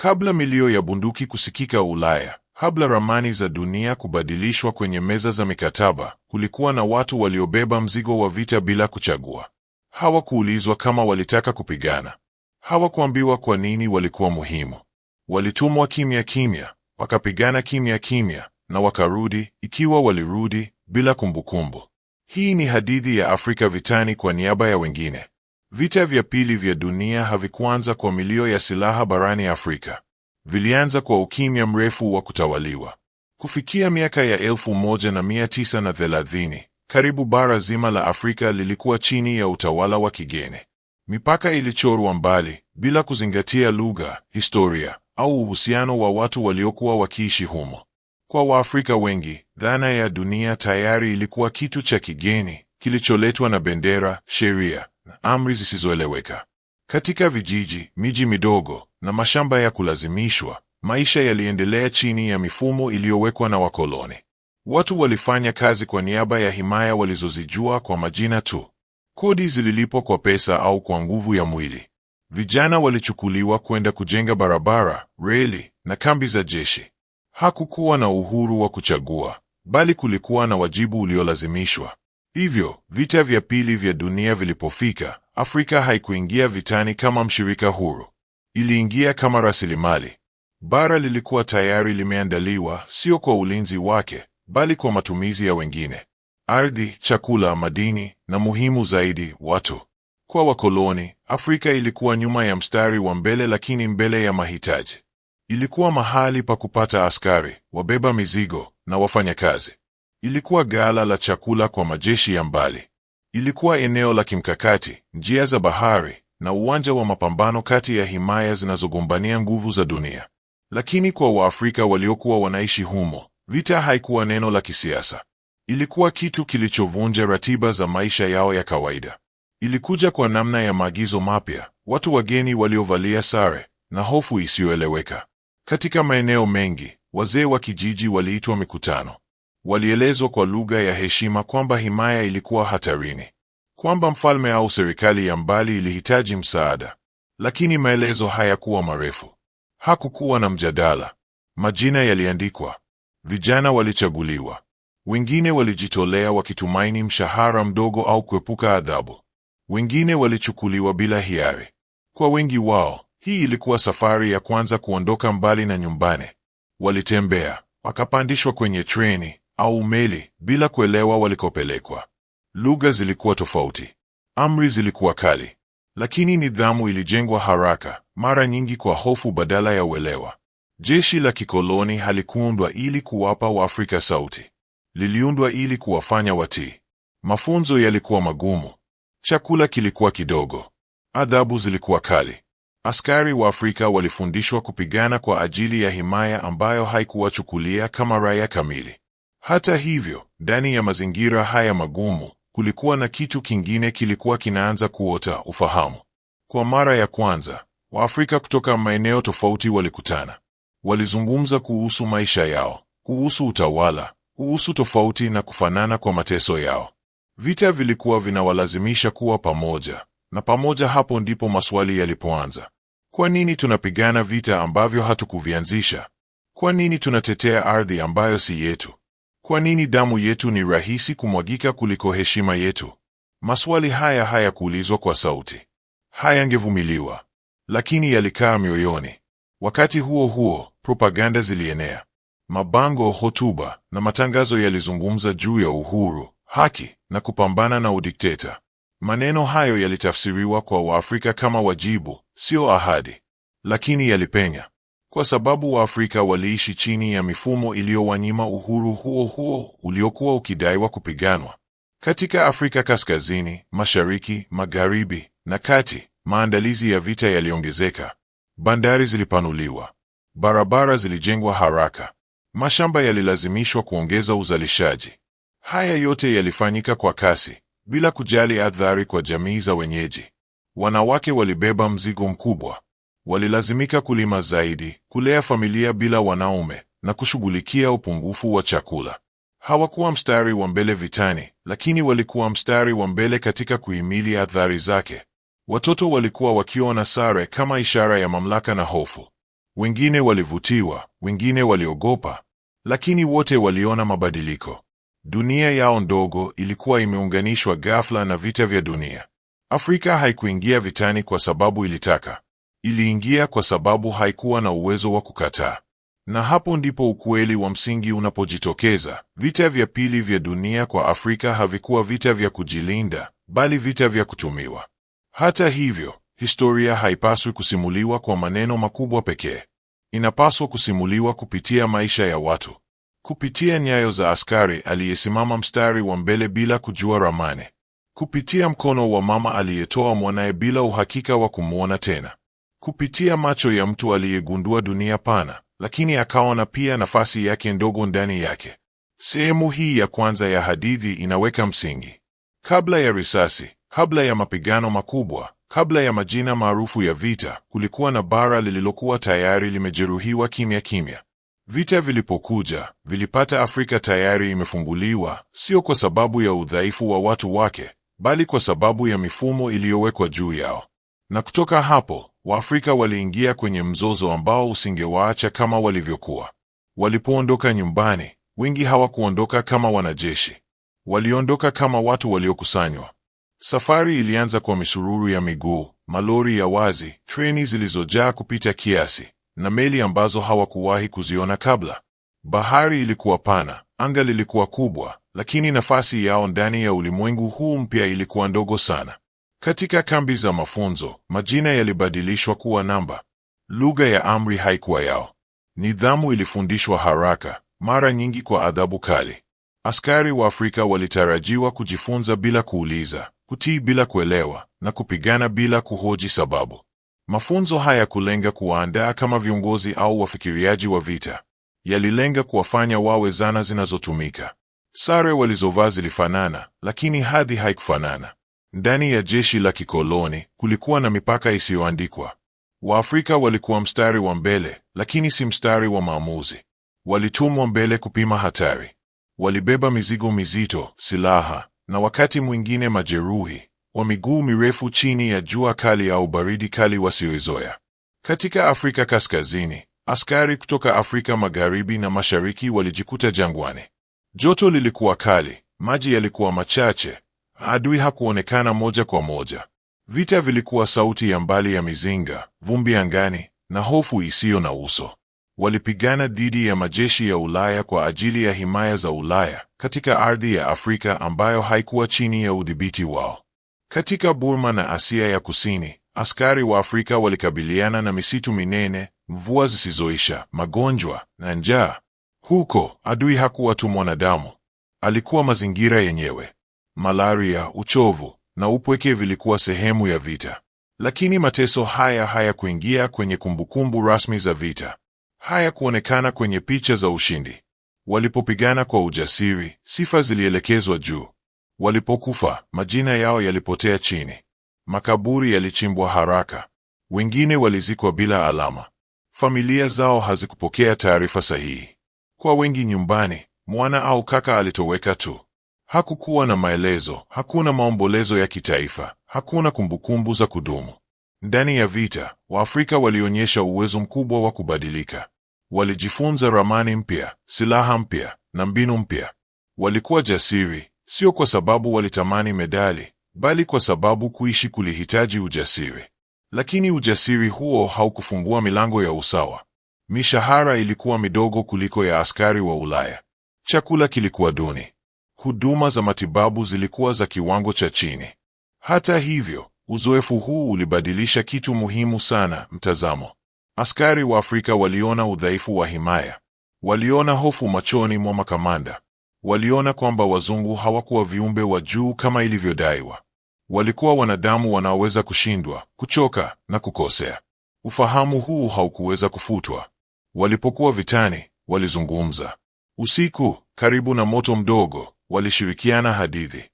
Kabla milio ya bunduki kusikika Ulaya, kabla ramani za dunia kubadilishwa kwenye meza za mikataba, kulikuwa na watu waliobeba mzigo wa vita bila kuchagua. Hawakuulizwa kama walitaka kupigana, hawakuambiwa kwa nini walikuwa muhimu. Walitumwa kimya kimya, wakapigana kimya kimya, na wakarudi, ikiwa walirudi, bila kumbukumbu. Hii ni hadithi ya Afrika vitani kwa niaba ya wengine. Vita vya pili vya dunia havikuanza kwa milio ya silaha barani Afrika. Vilianza kwa ukimya mrefu wa kutawaliwa. Kufikia miaka ya elfu moja na mia tisa na thelathini, karibu bara zima la Afrika lilikuwa chini ya utawala wa kigeni. Mipaka ilichorwa mbali bila kuzingatia lugha, historia au uhusiano wa watu waliokuwa wakiishi humo. Kwa Waafrika wengi, dhana ya dunia tayari ilikuwa kitu cha kigeni kilicholetwa na bendera, sheria na amri zisizoeleweka. Katika vijiji, miji midogo na mashamba ya kulazimishwa, maisha yaliendelea chini ya mifumo iliyowekwa na wakoloni. Watu walifanya kazi kwa niaba ya himaya walizozijua kwa majina tu. Kodi zililipwa kwa pesa au kwa nguvu ya mwili. Vijana walichukuliwa kwenda kujenga barabara, reli na kambi za jeshi. Hakukuwa na uhuru wa kuchagua, bali kulikuwa na wajibu uliolazimishwa. Hivyo vita vya pili vya dunia vilipofika, Afrika haikuingia vitani kama mshirika huru, iliingia kama rasilimali. Bara lilikuwa tayari limeandaliwa, sio kwa ulinzi wake, bali kwa matumizi ya wengine: ardhi, chakula, madini na muhimu zaidi, watu. Kwa wakoloni, Afrika ilikuwa nyuma ya mstari wa mbele, lakini mbele ya mahitaji. Ilikuwa mahali pa kupata askari, wabeba mizigo na wafanyakazi. Ilikuwa ghala la chakula kwa majeshi ya mbali. Ilikuwa eneo la kimkakati, njia za bahari na uwanja wa mapambano kati ya himaya zinazogombania nguvu za dunia. Lakini kwa Waafrika waliokuwa wanaishi humo, vita haikuwa neno la kisiasa. Ilikuwa kitu kilichovunja ratiba za maisha yao ya kawaida. Ilikuja kwa namna ya maagizo mapya, watu wageni waliovalia sare na hofu isiyoeleweka. Katika maeneo mengi, wazee wa kijiji waliitwa mikutano. Walielezwa kwa lugha ya heshima kwamba himaya ilikuwa hatarini, kwamba mfalme au serikali ya mbali ilihitaji msaada, lakini maelezo hayakuwa marefu. Hakukuwa na mjadala. Majina yaliandikwa, vijana walichaguliwa, wengine walijitolea wakitumaini mshahara mdogo au kuepuka adhabu, wengine walichukuliwa bila hiari. Kwa wengi wao, hii ilikuwa safari ya kwanza kuondoka mbali na nyumbani. Walitembea, wakapandishwa kwenye treni, au meli bila kuelewa walikopelekwa. Lugha zilikuwa tofauti, amri zilikuwa kali, lakini nidhamu ilijengwa haraka, mara nyingi kwa hofu badala ya uelewa. Jeshi la kikoloni halikuundwa ili kuwapa Waafrika sauti, liliundwa ili kuwafanya watii. Mafunzo yalikuwa magumu, chakula kilikuwa kidogo, adhabu zilikuwa kali. Askari wa Afrika walifundishwa kupigana kwa ajili ya himaya ambayo haikuwachukulia kama raia kamili. Hata hivyo, ndani ya mazingira haya magumu, kulikuwa na kitu kingine kilikuwa kinaanza kuota ufahamu. Kwa mara ya kwanza, Waafrika kutoka maeneo tofauti walikutana. Walizungumza kuhusu maisha yao, kuhusu utawala, kuhusu tofauti na kufanana kwa mateso yao. Vita vilikuwa vinawalazimisha kuwa pamoja, na pamoja hapo ndipo maswali yalipoanza. Kwa nini tunapigana vita ambavyo hatukuvianzisha? Kwa nini tunatetea ardhi ambayo si yetu? Kwa nini damu yetu ni rahisi kumwagika kuliko heshima yetu? Maswali haya hayakuulizwa kwa sauti, hayangevumiliwa, lakini yalikaa mioyoni. Wakati huo huo, propaganda zilienea. Mabango, hotuba na matangazo yalizungumza juu ya uhuru, haki na kupambana na udikteta. Maneno hayo yalitafsiriwa kwa Waafrika kama wajibu, sio ahadi, lakini yalipenya kwa sababu Waafrika waliishi chini ya mifumo iliyowanyima uhuru huo huo uliokuwa ukidaiwa kupiganwa. Katika Afrika Kaskazini, Mashariki, Magharibi na Kati, maandalizi ya vita yaliongezeka. Bandari zilipanuliwa, barabara zilijengwa haraka, mashamba yalilazimishwa kuongeza uzalishaji. Haya yote yalifanyika kwa kasi bila kujali athari kwa jamii za wenyeji. Wanawake walibeba mzigo mkubwa walilazimika kulima zaidi, kulea familia bila wanaume na kushughulikia upungufu wa chakula. Hawakuwa mstari wa mbele vitani, lakini walikuwa mstari wa mbele katika kuhimili athari zake. Watoto walikuwa wakiona sare kama ishara ya mamlaka na hofu. Wengine walivutiwa, wengine waliogopa, lakini wote waliona mabadiliko. Dunia yao ndogo ilikuwa imeunganishwa ghafla na vita vya dunia. Afrika haikuingia vitani kwa sababu ilitaka iliingia kwa sababu haikuwa na uwezo wa kukataa. Na hapo ndipo ukweli wa msingi unapojitokeza. Vita vya pili vya dunia kwa Afrika havikuwa vita vya kujilinda, bali vita vya kutumiwa. Hata hivyo, historia haipaswi kusimuliwa kwa maneno makubwa pekee. Inapaswa kusimuliwa kupitia maisha ya watu, kupitia nyayo za askari aliyesimama mstari wa mbele bila kujua ramani, kupitia mkono wa mama aliyetoa mwanaye bila uhakika wa kumwona tena kupitia macho ya mtu aliyegundua dunia pana, lakini akaona pia nafasi yake ndogo ndani yake. Sehemu hii ya kwanza ya hadithi inaweka msingi. Kabla ya risasi, kabla ya mapigano makubwa, kabla ya majina maarufu ya vita, kulikuwa na bara lililokuwa tayari limejeruhiwa kimya kimya. Vita vilipokuja, vilipata Afrika tayari imefunguliwa, sio kwa sababu ya udhaifu wa watu wake, bali kwa sababu ya mifumo iliyowekwa juu yao. Na kutoka hapo Waafrika waliingia kwenye mzozo ambao usingewaacha kama walivyokuwa. Walipoondoka nyumbani, wengi hawakuondoka kama wanajeshi, waliondoka kama watu waliokusanywa. Safari ilianza kwa misururu ya miguu, malori ya wazi, treni zilizojaa kupita kiasi, na meli ambazo hawakuwahi kuziona kabla. Bahari ilikuwa pana, anga lilikuwa kubwa, lakini nafasi yao ndani ya ulimwengu huu mpya ilikuwa ndogo sana. Katika kambi za mafunzo, majina yalibadilishwa kuwa namba. Lugha ya amri haikuwa yao. Nidhamu ilifundishwa haraka, mara nyingi kwa adhabu kali. Askari wa Afrika walitarajiwa kujifunza bila kuuliza, kutii bila kuelewa, na kupigana bila kuhoji sababu. Mafunzo haya kulenga kuwaandaa kama viongozi au wafikiriaji wa vita. Yalilenga kuwafanya wawe zana zinazotumika. Sare walizovaa zilifanana, lakini hadhi haikufanana. Ndani ya jeshi la kikoloni kulikuwa na mipaka isiyoandikwa. Waafrika walikuwa mstari wa mbele, lakini si mstari wa maamuzi. Walitumwa mbele kupima hatari. Walibeba mizigo mizito, silaha na wakati mwingine majeruhi, wa miguu mirefu chini ya jua kali au baridi kali wasioizoea. Katika Afrika Kaskazini, askari kutoka Afrika Magharibi na Mashariki walijikuta jangwani. Joto lilikuwa kali, maji yalikuwa machache Adui hakuonekana moja kwa moja. Vita vilikuwa sauti ya mbali ya mizinga, vumbi angani, na hofu isiyo na uso. Walipigana dhidi ya majeshi ya Ulaya kwa ajili ya himaya za Ulaya katika ardhi ya Afrika ambayo haikuwa chini ya udhibiti wao. Katika Burma na Asia ya Kusini, askari wa Afrika walikabiliana na misitu minene, mvua zisizoisha, magonjwa na njaa. Huko adui hakuwa tu mwanadamu, alikuwa mazingira yenyewe malaria, uchovu na upweke vilikuwa sehemu ya vita, lakini mateso haya hayakuingia kwenye kumbukumbu rasmi za vita, hayakuonekana kwenye picha za ushindi. Walipopigana kwa ujasiri, sifa zilielekezwa juu. Walipokufa, majina yao yalipotea chini. Makaburi yalichimbwa haraka, wengine walizikwa bila alama. Familia zao hazikupokea taarifa sahihi. Kwa wengi nyumbani, mwana au kaka alitoweka tu. Hakukuwa na maelezo, hakuna maombolezo ya kitaifa, hakuna kumbukumbu za kudumu. Ndani ya vita, Waafrika walionyesha uwezo mkubwa wa kubadilika. Walijifunza ramani mpya, silaha mpya na mbinu mpya. Walikuwa jasiri, sio kwa sababu walitamani medali, bali kwa sababu kuishi kulihitaji ujasiri. Lakini ujasiri huo haukufungua milango ya usawa. Mishahara ilikuwa midogo kuliko ya askari wa Ulaya. Chakula kilikuwa duni huduma za matibabu zilikuwa za kiwango cha chini. Hata hivyo, uzoefu huu ulibadilisha kitu muhimu sana: mtazamo. Askari wa Afrika waliona udhaifu wa himaya, waliona hofu machoni mwa makamanda, waliona kwamba wazungu hawakuwa viumbe wa juu kama ilivyodaiwa. Walikuwa wanadamu wanaoweza kushindwa, kuchoka na kukosea. Ufahamu huu haukuweza kufutwa. Walipokuwa vitani, walizungumza usiku, karibu na moto mdogo walishirikiana hadithi,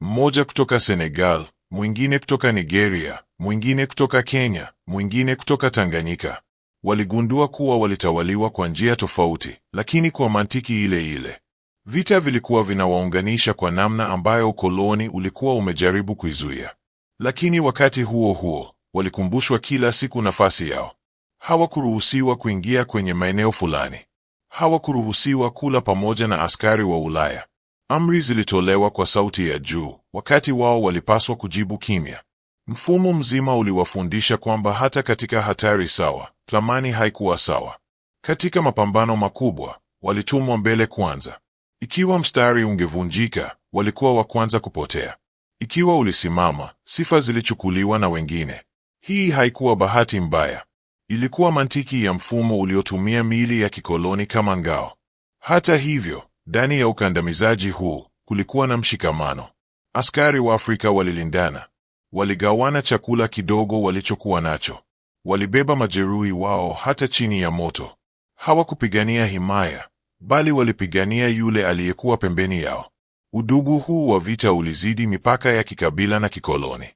mmoja kutoka Senegal, mwingine kutoka Nigeria, mwingine kutoka Kenya, mwingine kutoka Tanganyika. Waligundua kuwa walitawaliwa kwa njia tofauti, lakini kwa mantiki ile ile. Vita vilikuwa vinawaunganisha kwa namna ambayo ukoloni ulikuwa umejaribu kuizuia. Lakini wakati huo huo, walikumbushwa kila siku nafasi yao. Hawakuruhusiwa kuingia kwenye maeneo fulani. Hawakuruhusiwa kula pamoja na askari wa Ulaya. Amri zilitolewa kwa sauti ya juu, wakati wao walipaswa kujibu kimya. Mfumo mzima uliwafundisha kwamba hata katika hatari sawa, thamani haikuwa sawa. Katika mapambano makubwa, walitumwa mbele kwanza. Ikiwa mstari ungevunjika, walikuwa wa kwanza kupotea. Ikiwa ulisimama, sifa zilichukuliwa na wengine. Hii haikuwa bahati mbaya. Ilikuwa mantiki ya mfumo uliotumia miili ya kikoloni kama ngao. Hata hivyo, ndani ya ukandamizaji huu kulikuwa na mshikamano. Askari wa Afrika walilindana, waligawana chakula kidogo walichokuwa nacho, walibeba majeruhi wao hata chini ya moto. Hawakupigania himaya, bali walipigania yule aliyekuwa pembeni yao. Udugu huu wa vita ulizidi mipaka ya kikabila na kikoloni.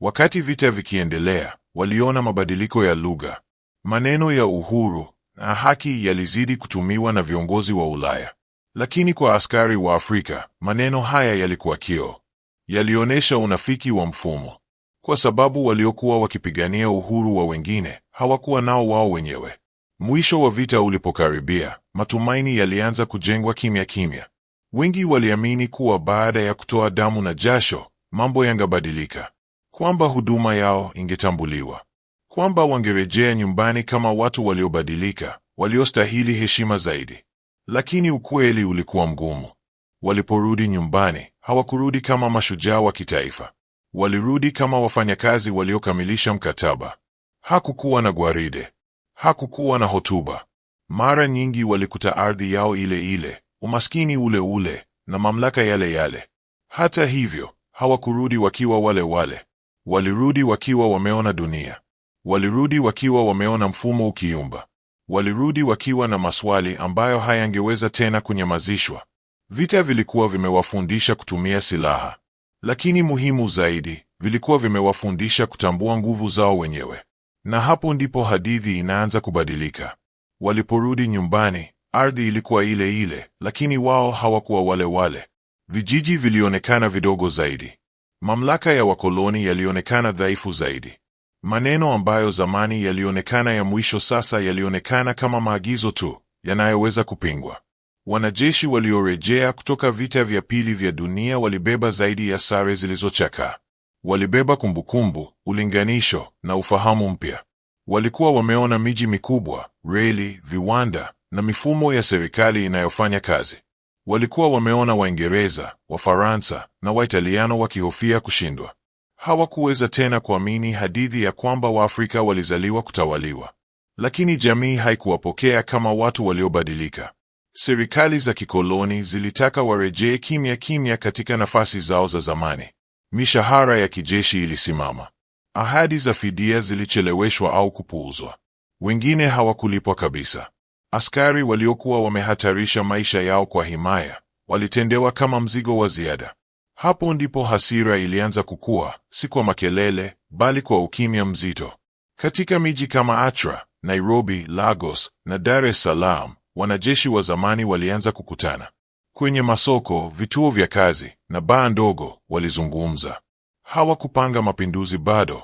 Wakati vita vikiendelea, waliona mabadiliko ya lugha. Maneno ya uhuru na haki yalizidi kutumiwa na viongozi wa Ulaya. Lakini kwa askari wa Afrika maneno haya yalikuwa kio, yalionyesha unafiki wa mfumo, kwa sababu waliokuwa wakipigania uhuru wa wengine hawakuwa nao wao wenyewe. Mwisho wa vita ulipokaribia, matumaini yalianza kujengwa kimya kimya. Wengi waliamini kuwa baada ya kutoa damu na jasho mambo yangebadilika, kwamba huduma yao ingetambuliwa, kwamba wangerejea nyumbani kama watu waliobadilika, waliostahili heshima zaidi. Lakini ukweli ulikuwa mgumu. Waliporudi nyumbani, hawakurudi kama mashujaa wa kitaifa. Walirudi kama wafanyakazi waliokamilisha mkataba. Hakukuwa na gwaride, hakukuwa na hotuba. Mara nyingi walikuta ardhi yao ile ile, umaskini ule ule, na mamlaka yale yale. Hata hivyo, hawakurudi wakiwa wale wale. Walirudi wakiwa wameona dunia, walirudi wakiwa wameona mfumo ukiumba, Walirudi wakiwa na maswali ambayo hayangeweza tena kunyamazishwa. Vita vilikuwa vimewafundisha kutumia silaha, lakini muhimu zaidi, vilikuwa vimewafundisha kutambua nguvu zao wenyewe. Na hapo ndipo hadithi inaanza kubadilika. Waliporudi nyumbani, ardhi ilikuwa ile ile, lakini wao hawakuwa wale wale. Vijiji vilionekana vidogo zaidi, mamlaka ya wakoloni yalionekana dhaifu zaidi. Maneno ambayo zamani yalionekana ya mwisho sasa yalionekana kama maagizo tu yanayoweza kupingwa. Wanajeshi waliorejea kutoka vita vya pili vya dunia walibeba zaidi ya sare zilizochakaa. Walibeba kumbukumbu, ulinganisho na ufahamu mpya. Walikuwa wameona miji mikubwa, reli, viwanda na mifumo ya serikali inayofanya kazi. Walikuwa wameona Waingereza, Wafaransa na Waitaliano wakihofia kushindwa. Hawakuweza tena kuamini hadithi ya kwamba Waafrika walizaliwa kutawaliwa, lakini jamii haikuwapokea kama watu waliobadilika. Serikali za kikoloni zilitaka warejee kimya kimya katika nafasi zao za zamani. Mishahara ya kijeshi ilisimama, ahadi za fidia zilicheleweshwa au kupuuzwa, wengine hawakulipwa kabisa. Askari waliokuwa wamehatarisha maisha yao kwa himaya walitendewa kama mzigo wa ziada. Hapo ndipo hasira ilianza kukua, si kwa makelele, bali kwa ukimya mzito. Katika miji kama Accra, Nairobi, Lagos na Dar es Salaam, wanajeshi wa zamani walianza kukutana kwenye masoko, vituo vya kazi na baa ndogo. Walizungumza. Hawakupanga mapinduzi bado,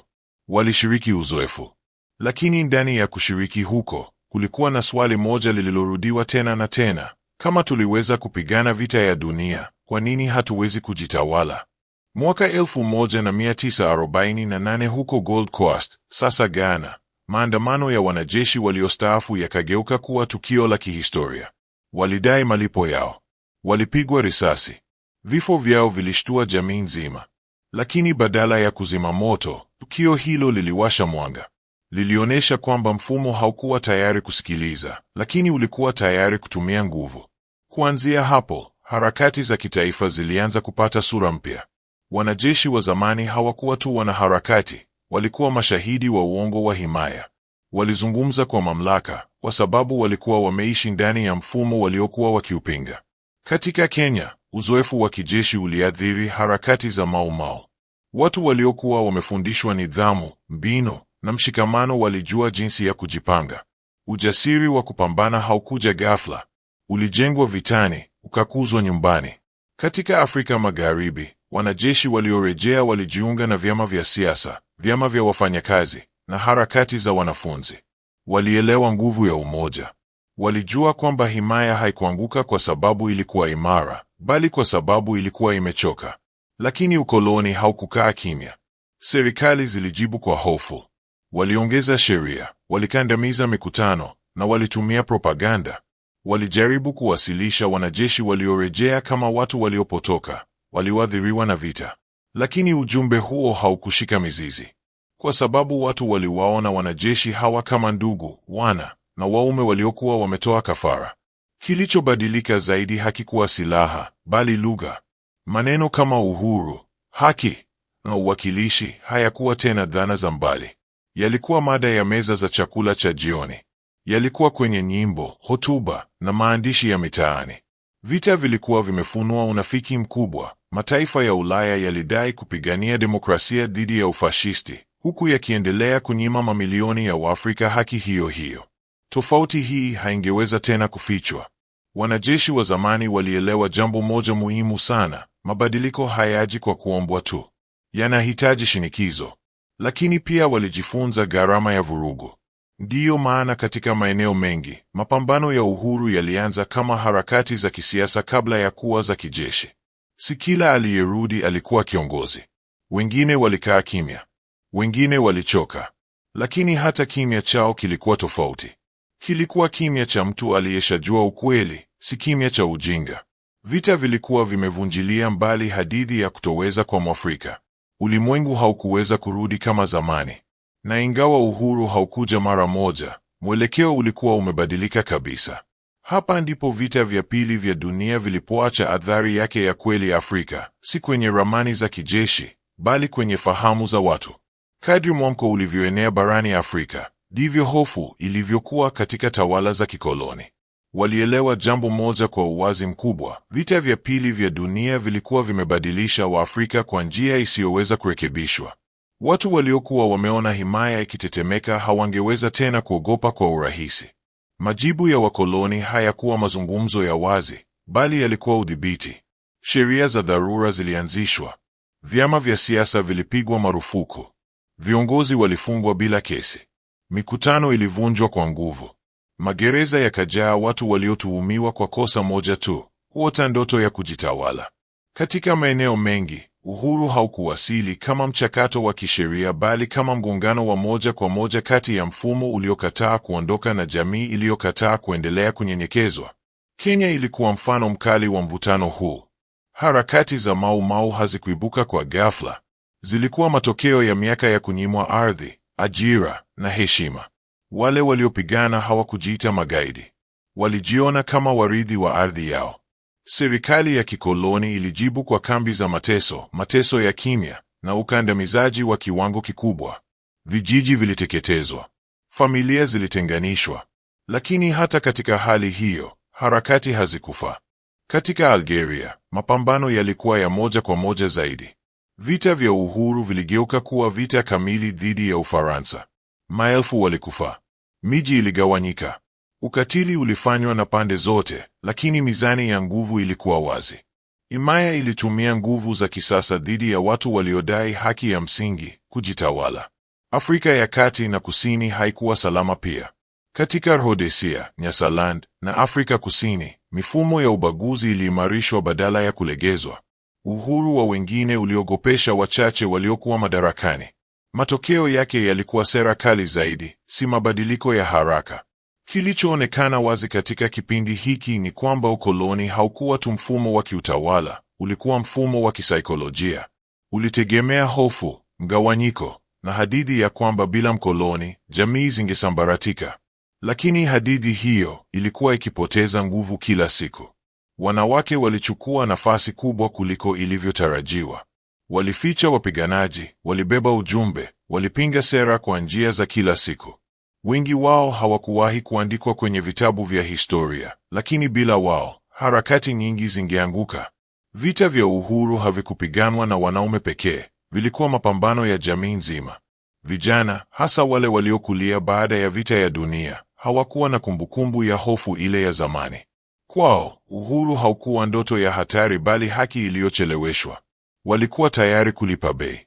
walishiriki uzoefu. Lakini ndani ya kushiriki huko kulikuwa na swali moja lililorudiwa tena na tena: kama tuliweza kupigana vita ya dunia, kwa nini hatuwezi kujitawala? Mwaka 1948 huko Gold Coast, sasa Ghana, maandamano ya wanajeshi waliostaafu yakageuka kuwa tukio la kihistoria. Walidai malipo yao, walipigwa risasi, vifo vyao vilishtua jamii nzima. Lakini badala ya kuzima moto, tukio hilo liliwasha mwanga. Lilionyesha kwamba mfumo haukuwa tayari kusikiliza, lakini ulikuwa tayari kutumia nguvu. Kuanzia hapo, harakati za kitaifa zilianza kupata sura mpya. Wanajeshi wa zamani hawakuwa tu wanaharakati, walikuwa mashahidi wa uongo wa himaya. Walizungumza kwa mamlaka kwa sababu walikuwa wameishi ndani ya mfumo waliokuwa wakiupinga. Katika Kenya, uzoefu wa kijeshi uliathiri harakati za Maumau. Watu waliokuwa wamefundishwa nidhamu, mbinu na mshikamano walijua jinsi ya kujipanga. Ujasiri wa kupambana haukuja ghafla, Ulijengwa vitani, ukakuzwa nyumbani. Katika Afrika Magharibi, wanajeshi waliorejea walijiunga na vyama vya siasa, vyama vya wafanyakazi na harakati za wanafunzi. Walielewa nguvu ya umoja. Walijua kwamba himaya haikuanguka kwa sababu ilikuwa imara, bali kwa sababu ilikuwa imechoka. Lakini ukoloni haukukaa kimya. Serikali zilijibu kwa hofu. Waliongeza sheria, walikandamiza mikutano na walitumia propaganda. Walijaribu kuwasilisha wanajeshi waliorejea kama watu waliopotoka, walioathiriwa na vita, lakini ujumbe huo haukushika mizizi, kwa sababu watu waliwaona wanajeshi hawa kama ndugu, wana na waume waliokuwa wametoa kafara. Kilichobadilika zaidi hakikuwa silaha, bali lugha. Maneno kama uhuru, haki na uwakilishi hayakuwa tena dhana za mbali, yalikuwa mada ya meza za chakula cha jioni yalikuwa kwenye nyimbo, hotuba na maandishi ya mitaani. Vita vilikuwa vimefunua unafiki mkubwa. Mataifa ya Ulaya yalidai kupigania demokrasia dhidi ya ufashisti, huku yakiendelea kunyima mamilioni ya Waafrika haki hiyo hiyo. Tofauti hii haingeweza tena kufichwa. Wanajeshi wa zamani walielewa jambo moja muhimu sana: mabadiliko hayaji kwa kuombwa tu, yanahitaji shinikizo. Lakini pia walijifunza gharama ya vurugu. Ndiyo maana katika maeneo mengi mapambano ya uhuru yalianza kama harakati za kisiasa kabla ya kuwa za kijeshi. Si kila aliyerudi alikuwa kiongozi. Wengine walikaa kimya, wengine walichoka, lakini hata kimya chao kilikuwa tofauti. Kilikuwa kimya cha mtu aliyeshajua ukweli, si kimya cha ujinga. Vita vilikuwa vimevunjilia mbali hadithi ya kutoweza kwa Mwafrika. Ulimwengu haukuweza kurudi kama zamani. Na ingawa uhuru haukuja mara moja, mwelekeo ulikuwa umebadilika kabisa. Hapa ndipo vita vya pili vya dunia vilipoacha athari yake ya kweli Afrika, si kwenye ramani za kijeshi, bali kwenye fahamu za watu. Kadri mwamko ulivyoenea barani Afrika, ndivyo hofu ilivyokuwa katika tawala za kikoloni. Walielewa jambo moja kwa uwazi mkubwa: vita vya pili vya dunia vilikuwa vimebadilisha Waafrika kwa njia isiyoweza kurekebishwa. Watu waliokuwa wameona himaya ikitetemeka hawangeweza tena kuogopa kwa urahisi. Majibu ya wakoloni hayakuwa mazungumzo ya wazi, bali yalikuwa udhibiti. Sheria za dharura zilianzishwa, vyama vya siasa vilipigwa marufuku, viongozi walifungwa bila kesi, mikutano ilivunjwa kwa nguvu, magereza yakajaa watu waliotuhumiwa kwa kosa moja tu: huota ndoto ya kujitawala. Katika maeneo mengi Uhuru haukuwasili kama mchakato wa kisheria bali kama mgongano wa moja kwa moja kati ya mfumo uliokataa kuondoka na jamii iliyokataa kuendelea kunyenyekezwa. Kenya ilikuwa mfano mkali wa mvutano huu. Harakati za Mau Mau hazikuibuka kwa ghafla. Zilikuwa matokeo ya miaka ya kunyimwa ardhi, ajira na heshima. Wale waliopigana hawakujiita magaidi. Walijiona kama warithi wa ardhi yao. Serikali ya kikoloni ilijibu kwa kambi za mateso, mateso ya kimya na ukandamizaji wa kiwango kikubwa. Vijiji viliteketezwa, familia zilitenganishwa. Lakini hata katika hali hiyo, harakati hazikufa. Katika Algeria, mapambano yalikuwa ya moja kwa moja zaidi. Vita vya uhuru viligeuka kuwa vita kamili dhidi ya Ufaransa. Maelfu walikufa, miji iligawanyika, Ukatili ulifanywa na pande zote, lakini mizani ya nguvu ilikuwa wazi. imaya ilitumia nguvu za kisasa dhidi ya watu waliodai haki ya msingi kujitawala. Afrika ya Kati na Kusini haikuwa salama pia. Katika Rhodesia, Nyasaland na Afrika Kusini, mifumo ya ubaguzi iliimarishwa badala ya kulegezwa. Uhuru wa wengine uliogopesha wachache waliokuwa madarakani. Matokeo yake yalikuwa sera kali zaidi, si mabadiliko ya haraka. Kilichoonekana wazi katika kipindi hiki ni kwamba ukoloni haukuwa tu mfumo wa kiutawala, ulikuwa mfumo wa kisaikolojia. Ulitegemea hofu, mgawanyiko na hadithi ya kwamba bila mkoloni jamii zingesambaratika. Lakini hadithi hiyo ilikuwa ikipoteza nguvu kila siku. Wanawake walichukua nafasi kubwa kuliko ilivyotarajiwa. Walificha wapiganaji, walibeba ujumbe, walipinga sera kwa njia za kila siku. Wengi wao hawakuwahi kuandikwa kwenye vitabu vya historia, lakini bila wao harakati nyingi zingeanguka. Vita vya uhuru havikupiganwa na wanaume pekee, vilikuwa mapambano ya jamii nzima. Vijana, hasa wale waliokulia baada ya vita ya dunia, hawakuwa na kumbukumbu ya hofu ile ya zamani. Kwao uhuru haukuwa ndoto ya hatari, bali haki iliyocheleweshwa. Walikuwa tayari kulipa bei,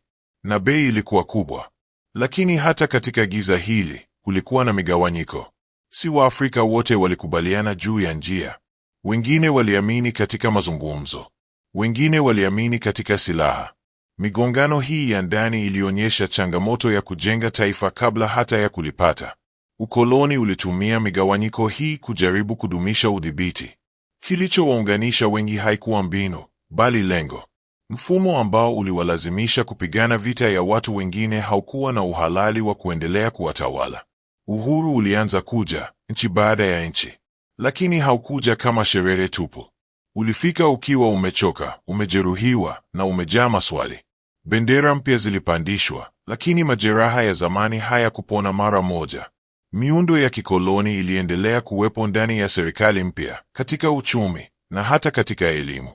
na bei ilikuwa kubwa. Lakini hata katika giza hili kulikuwa na migawanyiko. Si Waafrika wote walikubaliana juu ya njia. Wengine waliamini katika mazungumzo, wengine waliamini katika silaha. Migongano hii ya ndani ilionyesha changamoto ya kujenga taifa kabla hata ya kulipata. Ukoloni ulitumia migawanyiko hii kujaribu kudumisha udhibiti. Kilichowaunganisha wengi haikuwa mbinu, bali lengo. Mfumo ambao uliwalazimisha kupigana vita ya watu wengine haukuwa na uhalali wa kuendelea kuwatawala. Uhuru ulianza kuja nchi baada ya nchi, lakini haukuja kama sherehe tupu. Ulifika ukiwa umechoka, umejeruhiwa na umejaa maswali. Bendera mpya zilipandishwa, lakini majeraha ya zamani hayakupona mara moja. Miundo ya kikoloni iliendelea kuwepo ndani ya serikali mpya, katika uchumi na hata katika elimu.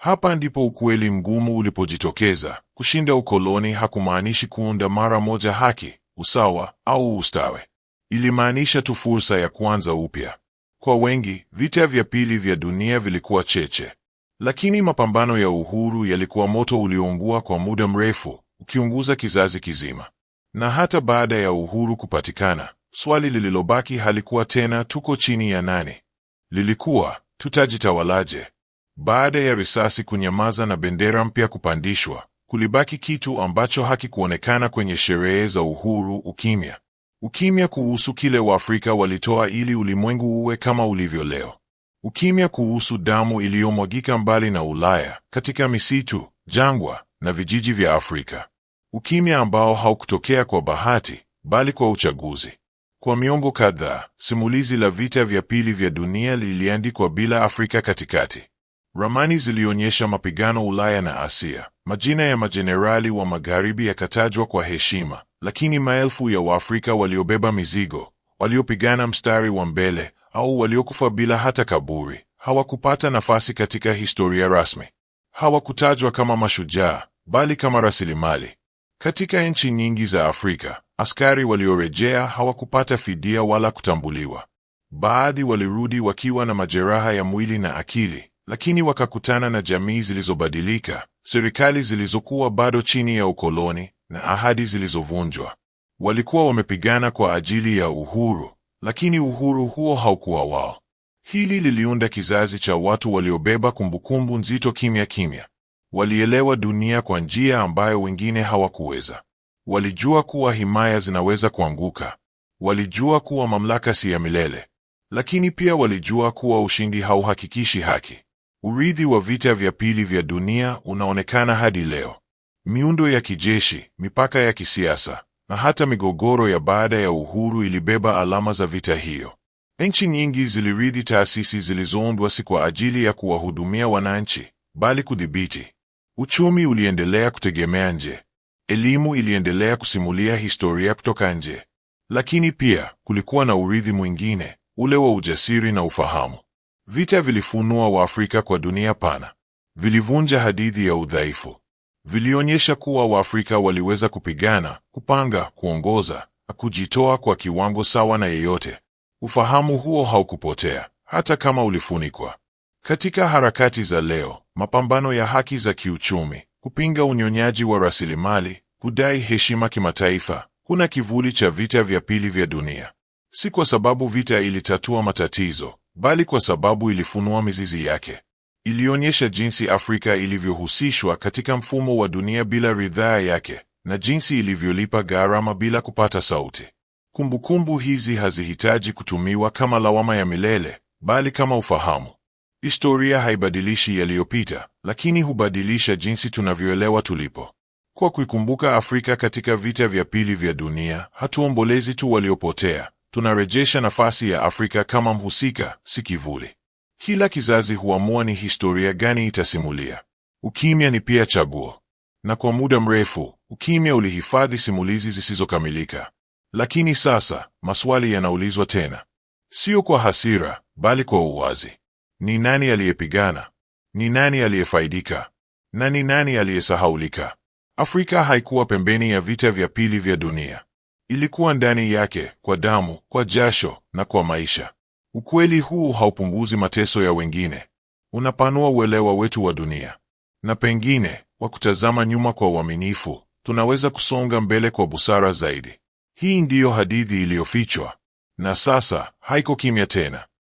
Hapa ndipo ukweli mgumu ulipojitokeza: kushinda ukoloni hakumaanishi kuunda mara moja haki, usawa au ustawi ilimaanisha tu fursa ya kuanza upya. Kwa wengi, vita vya pili vya dunia vilikuwa cheche, lakini mapambano ya uhuru yalikuwa moto ulioungua kwa muda mrefu, ukiunguza kizazi kizima. Na hata baada ya uhuru kupatikana, swali lililobaki halikuwa tena tuko chini ya nani, lilikuwa tutajitawalaje? Baada ya risasi kunyamaza na bendera mpya kupandishwa, kulibaki kitu ambacho hakikuonekana kwenye sherehe za uhuru: ukimya. Ukimya kuhusu kile Waafrika walitoa ili ulimwengu uwe kama ulivyo leo. Ukimya kuhusu damu iliyomwagika mbali na Ulaya, katika misitu, jangwa na vijiji vya Afrika. Ukimya ambao haukutokea kwa bahati, bali kwa uchaguzi. Kwa miongo kadhaa, simulizi la vita vya pili vya dunia liliandikwa bila Afrika katikati. Ramani zilionyesha mapigano Ulaya na Asia. Majina ya majenerali wa magharibi yakatajwa kwa heshima, lakini maelfu ya Waafrika waliobeba mizigo, waliopigana mstari wa mbele au waliokufa bila hata kaburi hawakupata nafasi katika historia rasmi. Hawakutajwa kama mashujaa, bali kama rasilimali. Katika nchi nyingi za Afrika, askari waliorejea hawakupata fidia wala kutambuliwa. Baadhi walirudi wakiwa na majeraha ya mwili na akili, lakini wakakutana na jamii zilizobadilika, serikali zilizokuwa bado chini ya ukoloni, na ahadi zilizovunjwa. Walikuwa wamepigana kwa ajili ya uhuru, lakini uhuru huo haukuwa wao. Hili liliunda kizazi cha watu waliobeba kumbukumbu nzito kimya kimya. Walielewa dunia kwa njia ambayo wengine hawakuweza. Walijua kuwa himaya zinaweza kuanguka. Walijua kuwa mamlaka si ya milele, lakini pia walijua kuwa ushindi hauhakikishi haki. Urithi wa vita vya pili vya dunia unaonekana hadi leo. Miundo ya kijeshi, mipaka ya kisiasa na hata migogoro ya baada ya uhuru ilibeba alama za vita hiyo. Nchi nyingi zilirithi taasisi zilizoundwa si kwa ajili ya kuwahudumia wananchi, bali kudhibiti. Uchumi uliendelea kutegemea nje, elimu iliendelea kusimulia historia kutoka nje, lakini pia kulikuwa na urithi mwingine, ule wa ujasiri na ufahamu. Vita vilifunua Waafrika kwa dunia pana, vilivunja hadithi ya udhaifu vilionyesha kuwa Waafrika waliweza kupigana, kupanga, kuongoza na kujitoa kwa kiwango sawa na yeyote. Ufahamu huo haukupotea hata kama ulifunikwa. Katika harakati za leo, mapambano ya haki za kiuchumi, kupinga unyonyaji wa rasilimali, kudai heshima kimataifa, kuna kivuli cha vita vya pili vya dunia. Si kwa sababu vita ilitatua matatizo, bali kwa sababu ilifunua mizizi yake ilionyesha jinsi Afrika ilivyohusishwa katika mfumo wa dunia bila ridhaa yake na jinsi ilivyolipa gharama bila kupata sauti. Kumbukumbu hizi hazihitaji kutumiwa kama lawama ya milele, bali kama ufahamu. Historia haibadilishi yaliyopita, lakini hubadilisha jinsi tunavyoelewa tulipo. Kwa kuikumbuka Afrika katika vita vya pili vya dunia, hatuombolezi tu waliopotea, tunarejesha nafasi ya Afrika kama mhusika, si kivuli. Kila kizazi huamua ni historia gani itasimulia. Ukimya ni pia chaguo, na kwa muda mrefu ukimya ulihifadhi simulizi zisizokamilika. Lakini sasa maswali yanaulizwa tena, sio kwa hasira, bali kwa uwazi. Ni nani aliyepigana? Ni nani aliyefaidika? Na ni nani aliyesahaulika? Afrika haikuwa pembeni ya vita vya pili vya dunia, ilikuwa ndani yake, kwa damu, kwa jasho na kwa maisha. Ukweli huu haupunguzi mateso ya wengine, unapanua uelewa wetu wa dunia, na pengine kwa kutazama nyuma kwa uaminifu, tunaweza kusonga mbele kwa busara zaidi. Hii ndiyo hadithi iliyofichwa, na sasa haiko kimya tena.